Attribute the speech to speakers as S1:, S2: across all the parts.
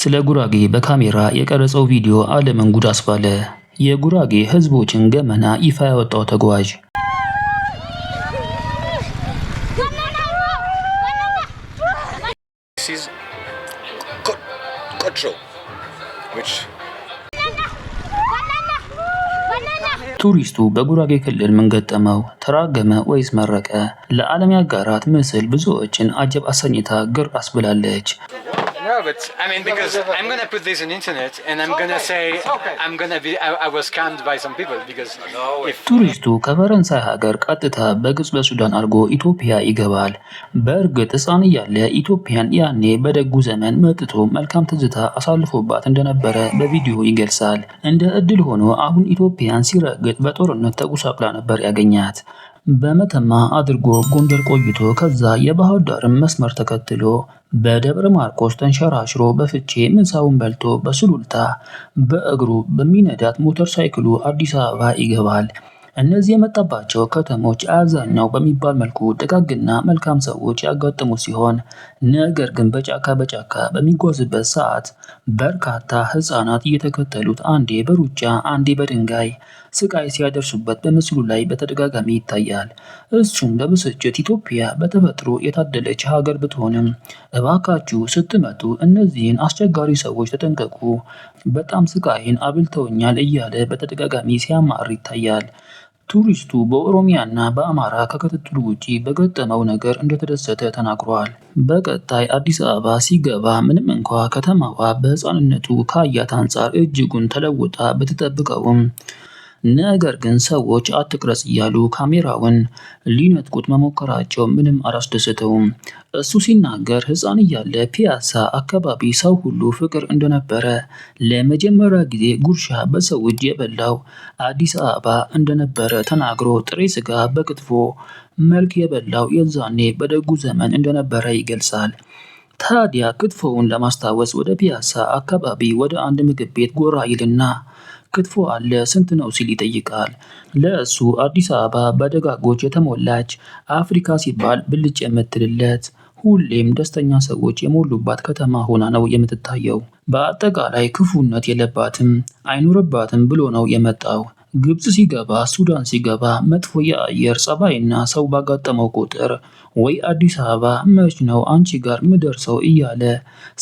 S1: ስለ ጉራጌ በካሜራ የቀረጸው ቪዲዮ ዓለምን ጉድ አስባለ። የጉራጌ ህዝቦችን ገመና ይፋ ያወጣው ተጓዥ ቱሪስቱ በጉራጌ ክልል ምን ገጠመው? ተራገመ ወይስ መረቀ? ለዓለም ያጋራት ምስል ብዙዎችን አጀብ አሰኝታ ግር አስብላለች።
S2: No, but I mean, because I'm gonna put this on internet and I'm gonna say I'm gonna be I, I was scammed by some people because
S1: if... ቱሪስቱ ከፈረንሳይ ሀገር ቀጥታ በግብፅ በሱዳን አድርጎ ኢትዮጵያ ይገባል። በእርግጥ ሕፃን እያለ ኢትዮጵያን ያኔ በደጉ ዘመን መጥቶ መልካም ትዝታ አሳልፎባት እንደነበረ በቪዲዮ ይገልጻል። እንደ እድል ሆኖ አሁን ኢትዮጵያን ሲረግጥ በጦርነት ተጎሳቅላ ነበር ያገኛት። በመተማ አድርጎ ጎንደር ቆይቶ ከዛ የባህር ዳርን መስመር ተከትሎ በደብረ ማርቆስ ተንሸራሽሮ በፍቼ ምሳውን በልቶ በሱሉልታ በእግሩ በሚነዳት ሞተር ሳይክሉ አዲስ አበባ ይገባል። እነዚህ የመጣባቸው ከተሞች አብዛኛው በሚባል መልኩ ደጋግና መልካም ሰዎች ያጋጠሙ ሲሆን ነገር ግን በጫካ በጫካ በሚጓዝበት ሰዓት በርካታ ህፃናት እየተከተሉት አንዴ በሩጫ አንዴ በድንጋይ ስቃይ ሲያደርሱበት በምስሉ ላይ በተደጋጋሚ ይታያል። እሱም በብስጭት ኢትዮጵያ በተፈጥሮ የታደለች ሀገር ብትሆንም እባካችሁ ስትመጡ እነዚህን አስቸጋሪ ሰዎች ተጠንቀቁ፣ በጣም ስቃይን አብልተውኛል እያለ በተደጋጋሚ ሲያማር ይታያል። ቱሪስቱ በኦሮሚያና በአማራ ከክትትሉ ውጪ በገጠመው ነገር እንደተደሰተ ተናግሯል። በቀጣይ አዲስ አበባ ሲገባ ምንም እንኳ ከተማዋ በሕፃንነቱ ካያት አንጻር እጅጉን ተለውጣ ብትጠብቀውም ነገር ግን ሰዎች አትቅረጽ እያሉ ካሜራውን ሊነጥቁት መሞከራቸው ምንም አላስደሰተውም። እሱ ሲናገር ሕፃን እያለ ፒያሳ አካባቢ ሰው ሁሉ ፍቅር እንደነበረ፣ ለመጀመሪያ ጊዜ ጉርሻ በሰው እጅ የበላው አዲስ አበባ እንደነበረ ተናግሮ ጥሬ ስጋ በክትፎ መልክ የበላው የዛኔ በደጉ ዘመን እንደነበረ ይገልጻል። ታዲያ ክትፎውን ለማስታወስ ወደ ፒያሳ አካባቢ ወደ አንድ ምግብ ቤት ጎራ ይልና ክትፎ አለ ስንት ነው ሲል ይጠይቃል። ለእሱ አዲስ አበባ በደጋጎች የተሞላች አፍሪካ ሲባል ብልጭ የምትልለት ሁሌም ደስተኛ ሰዎች የሞሉባት ከተማ ሆና ነው የምትታየው። በአጠቃላይ ክፉነት የለባትም አይኖርባትም ብሎ ነው የመጣው። ግብፅ ሲገባ፣ ሱዳን ሲገባ መጥፎ የአየር ጸባይና ሰው ባጋጠመው ቁጥር ወይ አዲስ አበባ መች ነው አንቺ ጋር ምደርሰው እያለ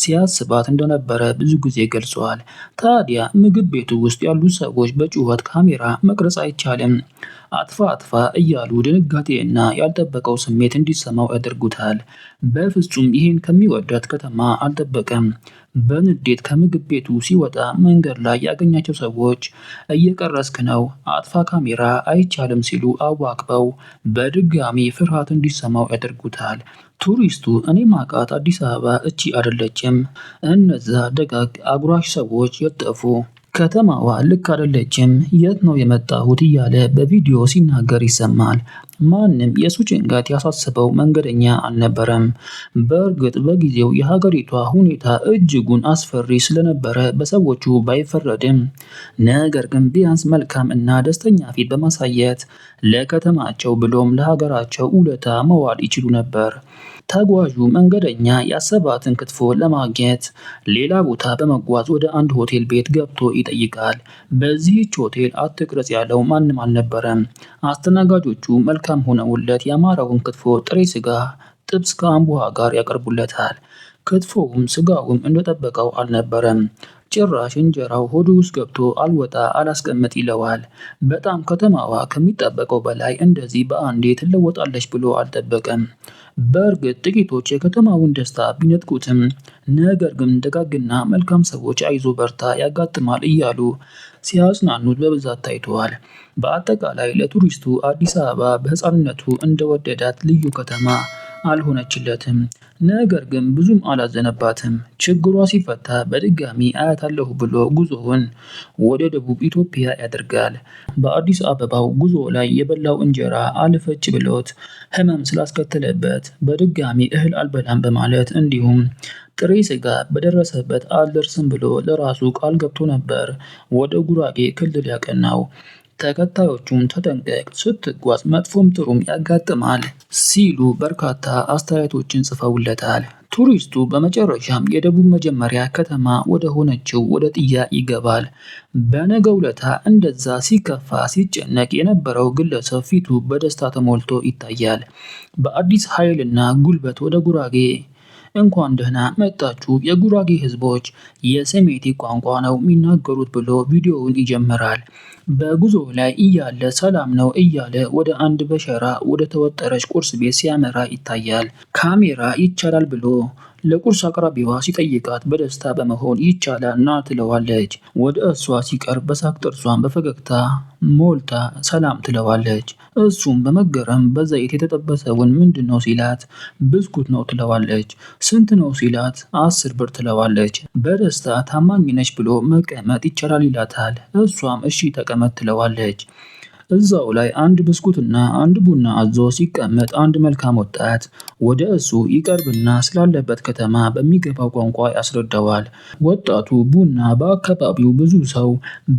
S1: ሲያስባት እንደነበረ ብዙ ጊዜ ገልጿል። ታዲያ ምግብ ቤቱ ውስጥ ያሉ ሰዎች በጩኸት ካሜራ መቅረጽ አይቻልም፣ አጥፋ አጥፋ እያሉ ድንጋጤና ያልጠበቀው ስሜት እንዲሰማው ያደርጉታል። በፍጹም ይህን ከሚወዳት ከተማ አልጠበቀም። በንዴት ከምግብ ቤቱ ሲወጣ መንገድ ላይ ያገኛቸው ሰዎች እየቀረስክ ነው፣ አጥፋ ካሜራ አይቻልም ሲሉ አዋክበው በድጋሚ ፍርሃት እንዲሰማው ያደርጉታል። ቱሪስቱ እኔ ማቃት አዲስ አበባ እቺ አይደለችም፣ እነዛ ደጋግ አጉራሽ ሰዎች የጠፉ ከተማዋ ልክ አይደለችም፣ የት ነው የመጣሁት እያለ በቪዲዮ ሲናገር ይሰማል። ማንም የእሱ ጭንቀት ያሳስበው መንገደኛ አልነበረም። በእርግጥ በጊዜው የሀገሪቷ ሁኔታ እጅጉን አስፈሪ ስለነበረ በሰዎቹ ባይፈረድም፣ ነገር ግን ቢያንስ መልካም እና ደስተኛ ፊት በማሳየት ለከተማቸው ብሎም ለሀገራቸው ውለታ መዋል ይችሉ ነበር። ተጓዡ መንገደኛ ያሰባትን ክትፎ ለማግኘት ሌላ ቦታ በመጓዝ ወደ አንድ ሆቴል ቤት ገብቶ ይጠይቃል። በዚህች ሆቴል አትቅረጽ ያለው ማንም አልነበረም። አስተናጋጆቹ መልካም ሆነውለት ያማረውን ክትፎ ጥሬ ስጋ ጥብስ ከአምቡሃ ጋር ያቀርቡለታል። ክትፎውም ስጋውም እንደጠበቀው አልነበረም። ጭራሽ እንጀራው ሆዱ ውስጥ ገብቶ አልወጣ አላስቀምጥ ይለዋል። በጣም ከተማዋ ከሚጠበቀው በላይ እንደዚህ በአንዴ ትለወጣለች ብሎ አልጠበቀም። በእርግጥ ጥቂቶች የከተማውን ደስታ ቢነጥቁትም፣ ነገር ግን ደጋግና መልካም ሰዎች አይዞ በርታ ያጋጥማል እያሉ ሲያጽናኑት በብዛት ታይተዋል። በአጠቃላይ ለቱሪስቱ አዲስ አበባ በሕፃንነቱ እንደወደዳት ልዩ ከተማ አልሆነችለትም። ነገር ግን ብዙም አላዘነባትም። ችግሯ ሲፈታ በድጋሚ አያታለሁ ብሎ ጉዞውን ወደ ደቡብ ኢትዮጵያ ያደርጋል። በአዲስ አበባው ጉዞ ላይ የበላው እንጀራ አልፈጭ ብሎት ህመም ስላስከተለበት በድጋሚ እህል አልበላም በማለት እንዲሁም ጥሬ ስጋ በደረሰበት አልደርስም ብሎ ለራሱ ቃል ገብቶ ነበር ወደ ጉራጌ ክልል ያቀናው። ተከታዮቹን ተጠንቀቅ፣ ስትጓዝ መጥፎም ጥሩም ያጋጥማል ሲሉ በርካታ አስተያየቶችን ጽፈውለታል። ቱሪስቱ በመጨረሻም የደቡብ መጀመሪያ ከተማ ወደ ሆነችው ወደ ጥያ ይገባል። በነገ ውለታ እንደዛ ሲከፋ ሲጨነቅ የነበረው ግለሰብ ፊቱ በደስታ ተሞልቶ ይታያል። በአዲስ ኃይልና ጉልበት ወደ ጉራጌ እንኳን ደህና መጣችሁ የጉራጌ ህዝቦች የሰሜቲ ቋንቋ ነው የሚናገሩት ብሎ ቪዲዮውን ይጀምራል። በጉዞ ላይ እያለ ሰላም ነው እያለ ወደ አንድ በሸራ ወደ ተወጠረች ቁርስ ቤት ሲያመራ ይታያል። ካሜራ ይቻላል ብሎ ለቁርስ አቅራቢዋ ሲጠይቃት በደስታ በመሆን ይቻላል ና ትለዋለች። ወደ እሷ ሲቀርብ በሳቅ ጥርሷን በፈገግታ ሞልታ ሰላም ትለዋለች። እሱም በመገረም በዘይት የተጠበሰውን ምንድን ነው ሲላት ብስኩት ነው ትለዋለች። ስንት ነው ሲላት አስር ብር ትለዋለች። በደስታ ታማኝ ነች ብሎ መቀመጥ ይቻላል ይላታል። እሷም እሺ ተቀመጥ ትለዋለች። እዛው ላይ አንድ ብስኩትና አንድ ቡና አዞ ሲቀመጥ አንድ መልካም ወጣት ወደ እሱ ይቀርብና ስላለበት ከተማ በሚገባው ቋንቋ ያስረዳዋል። ወጣቱ ቡና በአካባቢው ብዙ ሰው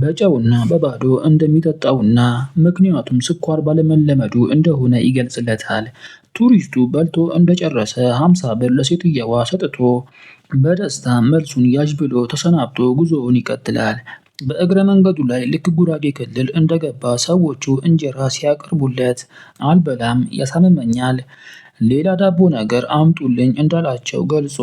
S1: በጨውና በባዶ እንደሚጠጣውና ምክንያቱም ስኳር ባለመለመዱ እንደሆነ ይገልጽለታል። ቱሪስቱ በልቶ እንደጨረሰ ሀምሳ ብር ለሴትየዋ ሰጥቶ በደስታ መልሱን ያጅ ብሎ ተሰናብቶ ጉዞውን ይቀጥላል። በእግረ መንገዱ ላይ ልክ ጉራጌ ክልል እንደገባ ሰዎቹ እንጀራ ሲያቀርቡለት አልበላም ያሳምመኛል ሌላ ዳቦ ነገር አምጡልኝ እንዳላቸው ገልጾ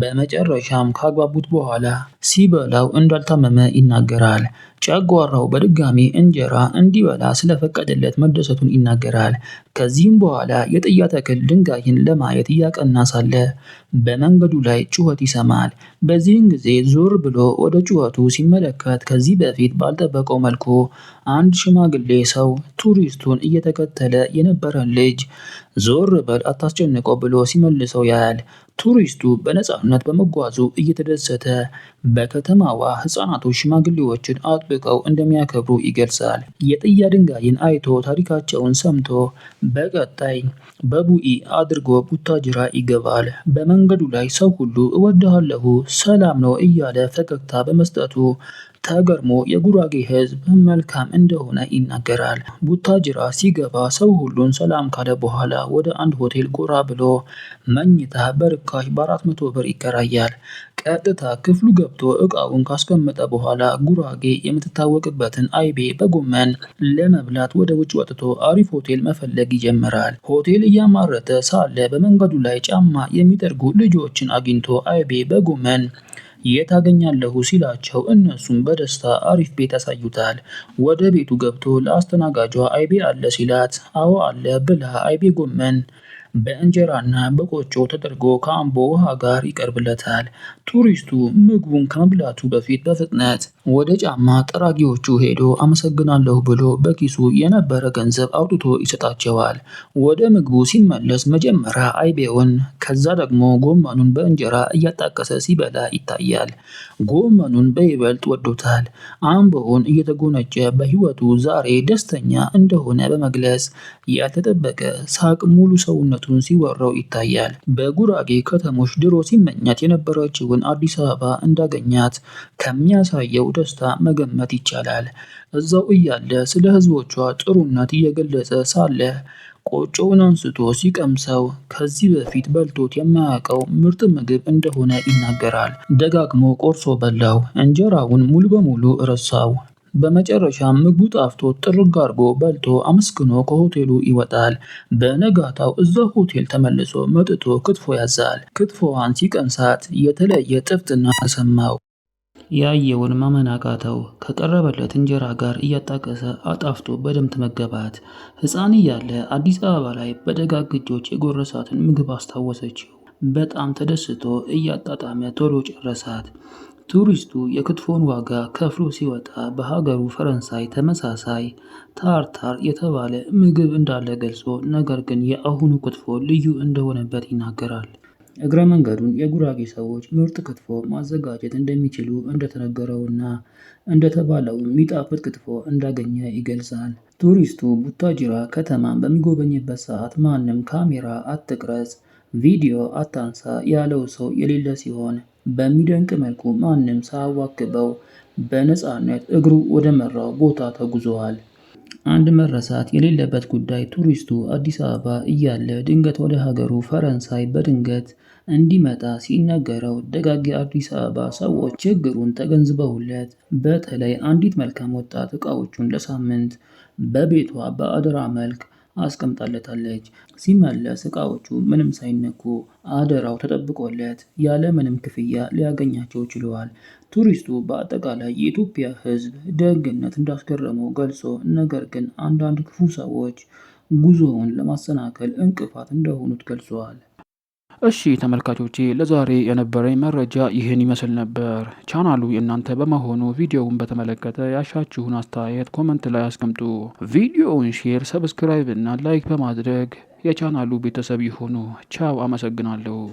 S1: በመጨረሻም ካግባቡት በኋላ ሲበላው እንዳልታመመ ይናገራል። ጨጓራው በድጋሚ እንጀራ እንዲበላ ስለፈቀደለት መደሰቱን ይናገራል። ከዚህም በኋላ የጥያ ተክል ድንጋይን ለማየት እያቀና ሳለ በመንገዱ ላይ ጩኸት ይሰማል። በዚህን ጊዜ ዞር ብሎ ወደ ጩኸቱ ሲመለከት ከዚህ በፊት ባልጠበቀው መልኩ አንድ ሽማግሌ ሰው ቱሪስቱን እየተከተለ የነበረን ልጅ ዞር በል አታስጨንቀው ብሎ ሲመልሰው ያያል። ቱሪስቱ በነፃነት በመጓዙ እየተደሰተ በከተማዋ ሕፃናቶች ሽማግሌዎችን አጥብቀው እንደሚያከብሩ ይገልጻል። የጥያ ድንጋይን አይቶ ታሪካቸውን ሰምቶ በቀጣይ በቡኢ አድርጎ ቡታጅራ ይገባል። በመንገዱ ላይ ሰው ሁሉ እወድሃለሁ፣ ሰላም ነው እያለ ፈገግታ በመስጠቱ ተገርሞ የጉራጌ ሕዝብ መልካም እንደሆነ ይናገራል። ቡታጅራ ሲገባ ሰው ሁሉን ሰላም ካለ በኋላ ወደ አንድ ሆቴል ጎራ ብሎ መኝታ በርካሽ በአራት መቶ ብር ይከራያል። ቀጥታ ክፍሉ ገብቶ እቃውን ካስቀመጠ በኋላ ጉራጌ የምትታወቅበትን አይቤ በጎመን ለመብላት ወደ ውጭ ወጥቶ አሪፍ ሆቴል መፈለግ ይጀምራል። ሆቴል እያማረተ ሳለ በመንገዱ ላይ ጫማ የሚጠርጉ ልጆችን አግኝቶ አይቤ በጎመን የት አገኛለሁ ሲላቸው እነሱም በደስታ አሪፍ ቤት ያሳዩታል። ወደ ቤቱ ገብቶ ለአስተናጋጇ አይቤ አለ ሲላት አዎ አለ ብላ አይቤ ጎመን በእንጀራና በቆጮ ተደርጎ ከአምቦ ውሃ ጋር ይቀርብለታል። ቱሪስቱ ምግቡን ከመብላቱ በፊት በፍጥነት ወደ ጫማ ጠራጊዎቹ ሄዶ አመሰግናለሁ ብሎ በኪሱ የነበረ ገንዘብ አውጥቶ ይሰጣቸዋል። ወደ ምግቡ ሲመለስ መጀመሪያ አይቤውን ከዛ ደግሞ ጎመኑን በእንጀራ እያጣቀሰ ሲበላ ይታያል። ጎመኑን በይበልጥ ወዶታል። አምቦውን እየተጎነጨ በሕይወቱ ዛሬ ደስተኛ እንደሆነ በመግለጽ ያልተጠበቀ ሳቅ ሙሉ ሰውነቱን ሲወራው ይታያል። በጉራጌ ከተሞች ድሮ ሲመኛት የነበረችውን አዲስ አበባ እንዳገኛት ከሚያሳየው ደስታ መገመት ይቻላል። እዛው እያለ ስለ ሕዝቦቿ ጥሩነት እየገለጸ ሳለ ቆጮውን አንስቶ ሲቀምሰው ከዚህ በፊት በልቶት የማያውቀው ምርጥ ምግብ እንደሆነ ይናገራል። ደጋግሞ ቆርሶ በላው፣ እንጀራውን ሙሉ በሙሉ ረሳው። በመጨረሻ ምግቡ ጣፍቶ ጥርግ አርጎ በልቶ አመስግኖ ከሆቴሉ ይወጣል። በነጋታው እዛው ሆቴል ተመልሶ መጥቶ ክትፎ ያዛል። ክትፎዋን ሲቀምሳት የተለየ ጥፍጥና ተሰማው። ያየውን ማመን አቃተው። ከቀረበለት እንጀራ ጋር እያጣቀሰ አጣፍጦ በደምት መገባት። ሕፃን እያለ አዲስ አበባ ላይ በደጋግ እጆች የጎረሳትን ምግብ አስታወሰችው። በጣም ተደስቶ እያጣጣመ ቶሎ ጨረሳት። ቱሪስቱ የክትፎን ዋጋ ከፍሎ ሲወጣ በሀገሩ ፈረንሳይ ተመሳሳይ ታርታር የተባለ ምግብ እንዳለ ገልጾ ነገር ግን የአሁኑ ክትፎ ልዩ እንደሆነበት ይናገራል። እግረ መንገዱን የጉራጌ ሰዎች ምርጥ ክትፎ ማዘጋጀት እንደሚችሉ እንደተነገረውና እንደተባለው ሚጣፍጥ ክትፎ እንዳገኘ ይገልጻል። ቱሪስቱ ቡታጅራ ከተማን በሚጎበኝበት ሰዓት ማንም ካሜራ አትቅረጽ፣ ቪዲዮ አታንሳ ያለው ሰው የሌለ ሲሆን በሚደንቅ መልኩ ማንም ሳያዋክበው በነፃነት እግሩ ወደ መራው ቦታ ተጉዟል። አንድ መረሳት የሌለበት ጉዳይ ቱሪስቱ አዲስ አበባ እያለ ድንገት ወደ ሀገሩ ፈረንሳይ በድንገት እንዲመጣ ሲነገረው ደጋግ የአዲስ አበባ ሰዎች ችግሩን ተገንዝበውለት በተለይ አንዲት መልካም ወጣት እቃዎቹን ለሳምንት በቤቷ በአደራ መልክ አስቀምጣለታለች። ሲመለስ እቃዎቹ ምንም ሳይነኩ አደራው ተጠብቆለት ያለ ምንም ክፍያ ሊያገኛቸው ችለዋል። ቱሪስቱ በአጠቃላይ የኢትዮጵያ ሕዝብ ደግነት እንዳስገረመው ገልጾ ነገር ግን አንዳንድ ክፉ ሰዎች ጉዞውን ለማሰናከል እንቅፋት እንደሆኑት ገልጸዋል። እሺ ተመልካቾቼ ለዛሬ የነበረኝ መረጃ ይህን ይመስል ነበር። ቻናሉ የእናንተ በመሆኑ ቪዲዮውን በተመለከተ ያሻችሁን አስተያየት ኮመንት ላይ አስቀምጡ። ቪዲዮውን ሼር፣ ሰብስክራይብ እና ላይክ በማድረግ የቻናሉ ቤተሰብ ይሁኑ። ቻው፣ አመሰግናለሁ።